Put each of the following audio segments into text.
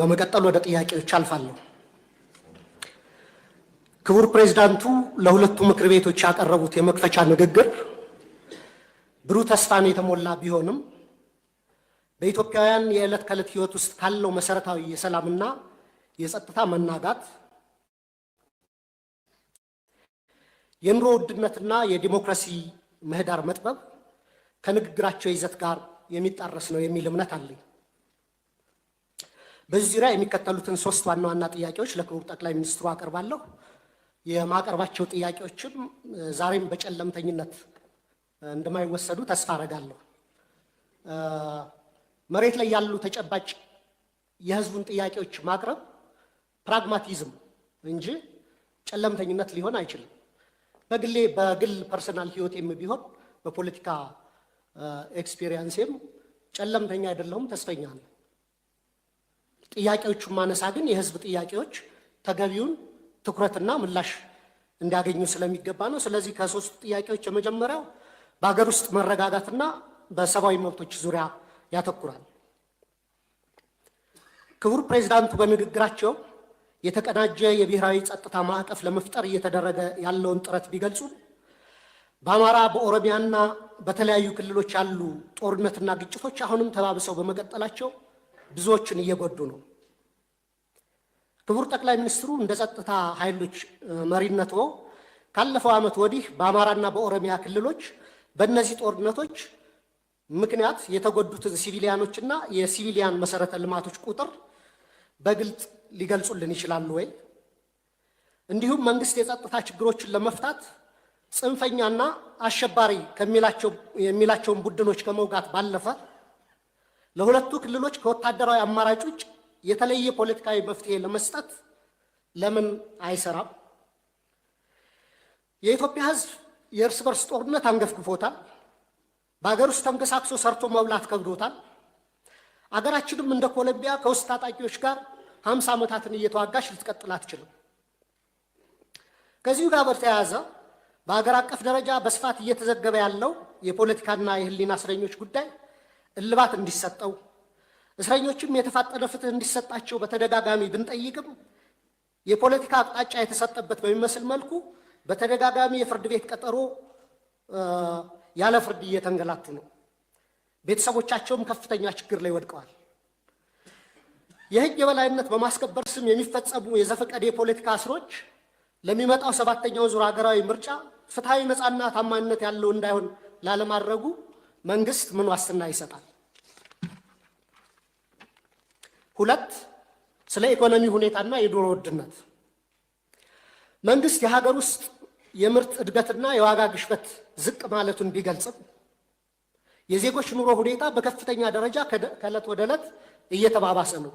በመቀጠል ወደ ጥያቄዎች አልፋለሁ። ክቡር ፕሬዚዳንቱ ለሁለቱ ምክር ቤቶች ያቀረቡት የመክፈቻ ንግግር ብሩህ ተስፋን የተሞላ ቢሆንም በኢትዮጵያውያን የዕለት ከዕለት ሕይወት ውስጥ ካለው መሰረታዊ የሰላምና የጸጥታ መናጋት የኑሮ ውድነትና የዲሞክራሲ ምህዳር መጥበብ ከንግግራቸው ይዘት ጋር የሚጣረስ ነው የሚል እምነት አለኝ። በዚህ ዙሪያ የሚከተሉትን ሶስት ዋና ዋና ጥያቄዎች ለክቡር ጠቅላይ ሚኒስትሩ አቀርባለሁ። የማቀርባቸው ጥያቄዎችም ዛሬም በጨለምተኝነት እንደማይወሰዱ ተስፋ አረጋለሁ። መሬት ላይ ያሉ ተጨባጭ የህዝቡን ጥያቄዎች ማቅረብ ፕራግማቲዝም እንጂ ጨለምተኝነት ሊሆን አይችልም። በግሌ በግል ፐርሰናል ህይወቴም ቢሆን በፖለቲካ ኤክስፔሪየንሴም ጨለምተኛ አይደለሁም፣ ተስፈኛ ነው። ጥያቄዎቹን ማነሳ ግን የህዝብ ጥያቄዎች ተገቢውን ትኩረትና ምላሽ እንዲያገኙ ስለሚገባ ነው። ስለዚህ ከሶስቱ ጥያቄዎች የመጀመሪያው በሀገር ውስጥ መረጋጋትና በሰብአዊ መብቶች ዙሪያ ያተኩራል። ክቡር ፕሬዚዳንቱ በንግግራቸው የተቀናጀ የብሔራዊ ጸጥታ ማዕቀፍ ለመፍጠር እየተደረገ ያለውን ጥረት ቢገልጹ በአማራ በኦሮሚያና በተለያዩ ክልሎች ያሉ ጦርነትና ግጭቶች አሁንም ተባብሰው በመቀጠላቸው ብዙዎችን እየጎዱ ነው። ክቡር ጠቅላይ ሚኒስትሩ እንደ ጸጥታ ኃይሎች መሪነቶ ካለፈው ዓመት ወዲህ በአማራና በኦሮሚያ ክልሎች በእነዚህ ጦርነቶች ምክንያት የተጎዱትን ሲቪሊያኖችና የሲቪሊያን መሰረተ ልማቶች ቁጥር በግልጽ ሊገልጹልን ይችላሉ ወይ? እንዲሁም መንግስት የጸጥታ ችግሮችን ለመፍታት ጽንፈኛና አሸባሪ የሚላቸውን ቡድኖች ከመውጋት ባለፈ ለሁለቱ ክልሎች ከወታደራዊ አማራጭ ውጭ የተለየ ፖለቲካዊ መፍትሄ ለመስጠት ለምን አይሰራም? የኢትዮጵያ ሕዝብ የእርስ በርስ ጦርነት አንገፍግፎታል። በሀገር ውስጥ ተንቀሳቅሶ ሰርቶ መብላት ከብዶታል። አገራችንም እንደ ኮሎምቢያ ከውስጥ ታጣቂዎች ጋር ሀምሳ ዓመታትን እየተዋጋች ልትቀጥል አትችልም። ከዚሁ ጋር በተያያዘ በሀገር አቀፍ ደረጃ በስፋት እየተዘገበ ያለው የፖለቲካና የህሊና እስረኞች ጉዳይ እልባት እንዲሰጠው እስረኞችም የተፋጠነ ፍትህ እንዲሰጣቸው በተደጋጋሚ ብንጠይቅም የፖለቲካ አቅጣጫ የተሰጠበት በሚመስል መልኩ በተደጋጋሚ የፍርድ ቤት ቀጠሮ ያለ ፍርድ እየተንገላቱ ነው። ቤተሰቦቻቸውም ከፍተኛ ችግር ላይ ወድቀዋል። የህግ የበላይነት በማስከበር ስም የሚፈጸሙ የዘፈቀድ የፖለቲካ እስሮች ለሚመጣው ሰባተኛው ዙር ሀገራዊ ምርጫ ፍትሐዊ ነፃና ታማኝነት ያለው እንዳይሆን ላለማድረጉ መንግስት ምን ዋስትና ይሰጣል? ሁለት ስለ ኢኮኖሚ ሁኔታና የዶሮ ውድነት መንግስት የሀገር ውስጥ የምርት እድገትና የዋጋ ግሽበት ዝቅ ማለቱን ቢገልጽም የዜጎች ኑሮ ሁኔታ በከፍተኛ ደረጃ ከእለት ወደ ዕለት እየተባባሰ ነው።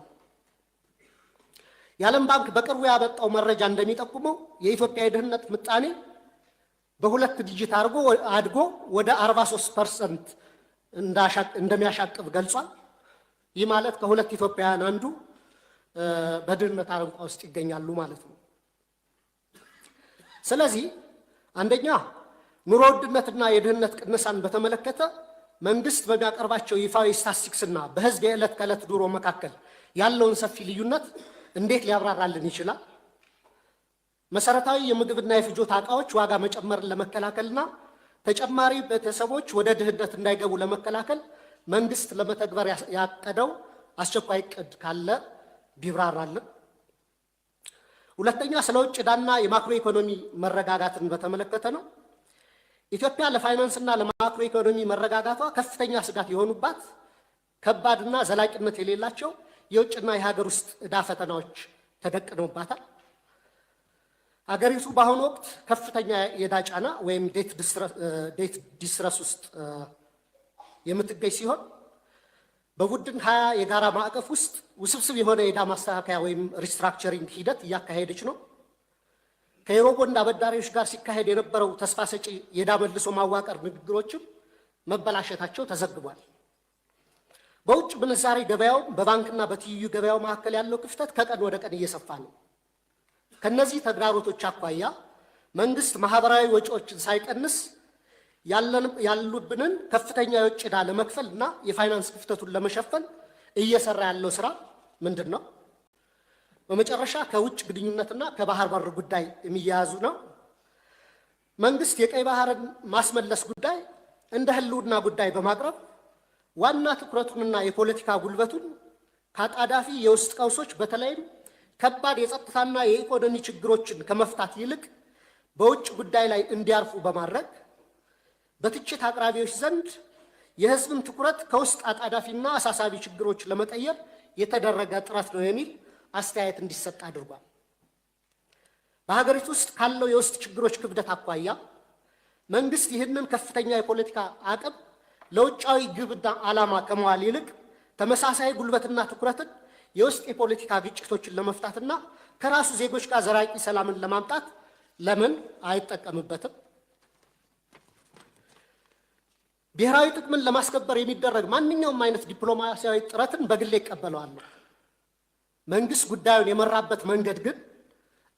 የዓለም ባንክ በቅርቡ ያበጣው መረጃ እንደሚጠቁመው የኢትዮጵያ የድህነት ምጣኔ በሁለት ዲጂት አድርጎ አድጎ ወደ 43 ፐርሰንት እንደሚያሻቅብ ገልጿል። ይህ ማለት ከሁለት ኢትዮጵያውያን አንዱ በድህነት አረንቋ ውስጥ ይገኛሉ ማለት ነው። ስለዚህ አንደኛ ኑሮ ውድነትና የድህነት ቅነሳን በተመለከተ መንግስት በሚያቀርባቸው ይፋዊ ስታስቲክስና በህዝብ የዕለት ከዕለት ዱሮ መካከል ያለውን ሰፊ ልዩነት እንዴት ሊያብራራልን ይችላል? መሰረታዊ የምግብና የፍጆታ እቃዎች ዋጋ መጨመርን ለመከላከልና ተጨማሪ ቤተሰቦች ወደ ድህነት እንዳይገቡ ለመከላከል መንግስት ለመተግበር ያቀደው አስቸኳይ እቅድ ካለ ቢብራራልን። ሁለተኛ ስለ ውጭ ዕዳና የማክሮ ኢኮኖሚ መረጋጋትን በተመለከተ ነው። ኢትዮጵያ ለፋይናንስና ለማክሮ ኢኮኖሚ መረጋጋቷ ከፍተኛ ስጋት የሆኑባት ከባድና ዘላቂነት የሌላቸው የውጭና የሀገር ውስጥ ዕዳ ፈተናዎች ተደቅነውባታል። አገሪቱ በአሁኑ ወቅት ከፍተኛ የዕዳ ጫና ወይም ዴት ዲስትረስ ውስጥ የምትገኝ ሲሆን በቡድን ሀያ የጋራ ማዕቀፍ ውስጥ ውስብስብ የሆነ የዕዳ ማስተካከያ ወይም ሪስትራክቸሪንግ ሂደት እያካሄደች ነው። ከዩሮ አበዳሪዎች ጋር ሲካሄድ የነበረው ተስፋ ሰጪ የዕዳ መልሶ ማዋቀር ንግግሮችም መበላሸታቸው ተዘግቧል። በውጭ ምንዛሬ ገበያው በባንክና በትይዩ ገበያው መካከል ያለው ክፍተት ከቀን ወደ ቀን እየሰፋ ነው። ከነዚህ ተግዳሮቶች አኳያ መንግስት ማህበራዊ ወጪዎችን ሳይቀንስ ያሉብንን ከፍተኛ የውጭ ዕዳ ለመክፈል እና የፋይናንስ ክፍተቱን ለመሸፈን እየሰራ ያለው ስራ ምንድን ነው? በመጨረሻ ከውጭ ግንኙነትና ከባህር በር ጉዳይ የሚያያዙ ነው። መንግስት የቀይ ባህርን ማስመለስ ጉዳይ እንደ ህልውና ጉዳይ በማቅረብ ዋና ትኩረቱንና የፖለቲካ ጉልበቱን ከአጣዳፊ የውስጥ ቀውሶች በተለይም ከባድ የጸጥታና የኢኮኖሚ ችግሮችን ከመፍታት ይልቅ በውጭ ጉዳይ ላይ እንዲያርፉ በማድረግ በትችት አቅራቢዎች ዘንድ የሕዝብን ትኩረት ከውስጥ አጣዳፊና አሳሳቢ ችግሮች ለመቀየር የተደረገ ጥረት ነው የሚል አስተያየት እንዲሰጥ አድርጓል። በሀገሪቱ ውስጥ ካለው የውስጥ ችግሮች ክብደት አኳያ መንግስት ይህንን ከፍተኛ የፖለቲካ አቅም ለውጫዊ ግብና ዓላማ ከመዋል ይልቅ ተመሳሳይ ጉልበትና ትኩረትን የውስጥ የፖለቲካ ግጭቶችን ለመፍታትና ከራሱ ዜጎች ጋር ዘላቂ ሰላምን ለማምጣት ለምን አይጠቀምበትም? ብሔራዊ ጥቅምን ለማስከበር የሚደረግ ማንኛውም አይነት ዲፕሎማሲያዊ ጥረትን በግሌ ይቀበለዋለሁ። መንግስት ጉዳዩን የመራበት መንገድ ግን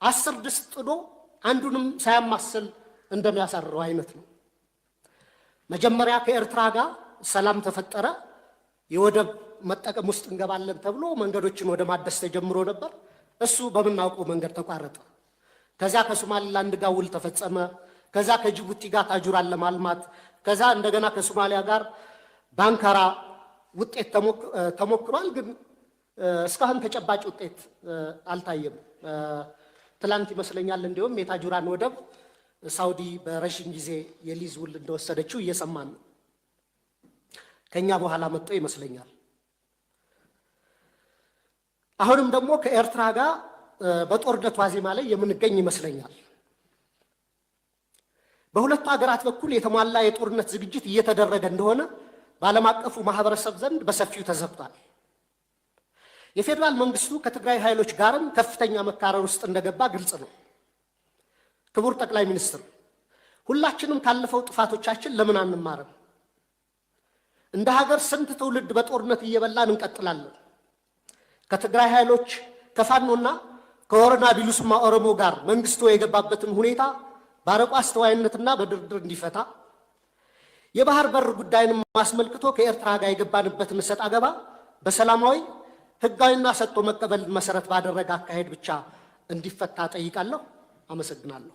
አስር ድስት ጥዶ አንዱንም ሳያማስል እንደሚያሳርረው አይነት ነው። መጀመሪያ ከኤርትራ ጋር ሰላም ተፈጠረ፣ የወደብ መጠቀም ውስጥ እንገባለን ተብሎ መንገዶችን ወደ ማደስ ተጀምሮ ነበር። እሱ በምናውቀው መንገድ ተቋረጠ። ከዛ ከሶማሊላንድ ጋር ውል ተፈጸመ። ከዛ ከጅቡቲ ጋር ታጁራን ለማልማት ከዛ እንደገና ከሶማሊያ ጋር በአንካራ ውጤት ተሞክሯል፣ ግን እስካሁን ተጨባጭ ውጤት አልታየም። ትላንት ይመስለኛል እንዲሁም የታጁራን ወደብ ሳውዲ በረዥም ጊዜ የሊዝ ውል እንደወሰደችው እየሰማን ነው። ከኛ በኋላ መጥቶ ይመስለኛል። አሁንም ደግሞ ከኤርትራ ጋር በጦርነት ዋዜማ ላይ የምንገኝ ይመስለኛል። በሁለቱ ሀገራት በኩል የተሟላ የጦርነት ዝግጅት እየተደረገ እንደሆነ በዓለም አቀፉ ማህበረሰብ ዘንድ በሰፊው ተዘብቷል። የፌዴራል መንግስቱ ከትግራይ ኃይሎች ጋርም ከፍተኛ መካረር ውስጥ እንደገባ ግልጽ ነው። ክቡር ጠቅላይ ሚኒስትር፣ ሁላችንም ካለፈው ጥፋቶቻችን ለምን አንማርም? እንደ ሀገር ስንት ትውልድ በጦርነት እየበላን እንቀጥላለን? ከትግራይ ኃይሎች ከፋኖና ከወረና ቢሉስማ ኦሮሞ ጋር መንግስቱ የገባበትን ሁኔታ ባረቆ አስተዋይነትና በድርድር እንዲፈታ የባህር በር ጉዳይንም አስመልክቶ ከኤርትራ ጋር የገባንበትን እሰጥ አገባ በሰላማዊ ህጋዊና ሰጥቶ መቀበል መሰረት ባደረገ አካሄድ ብቻ እንዲፈታ ጠይቃለሁ። አመሰግናለሁ።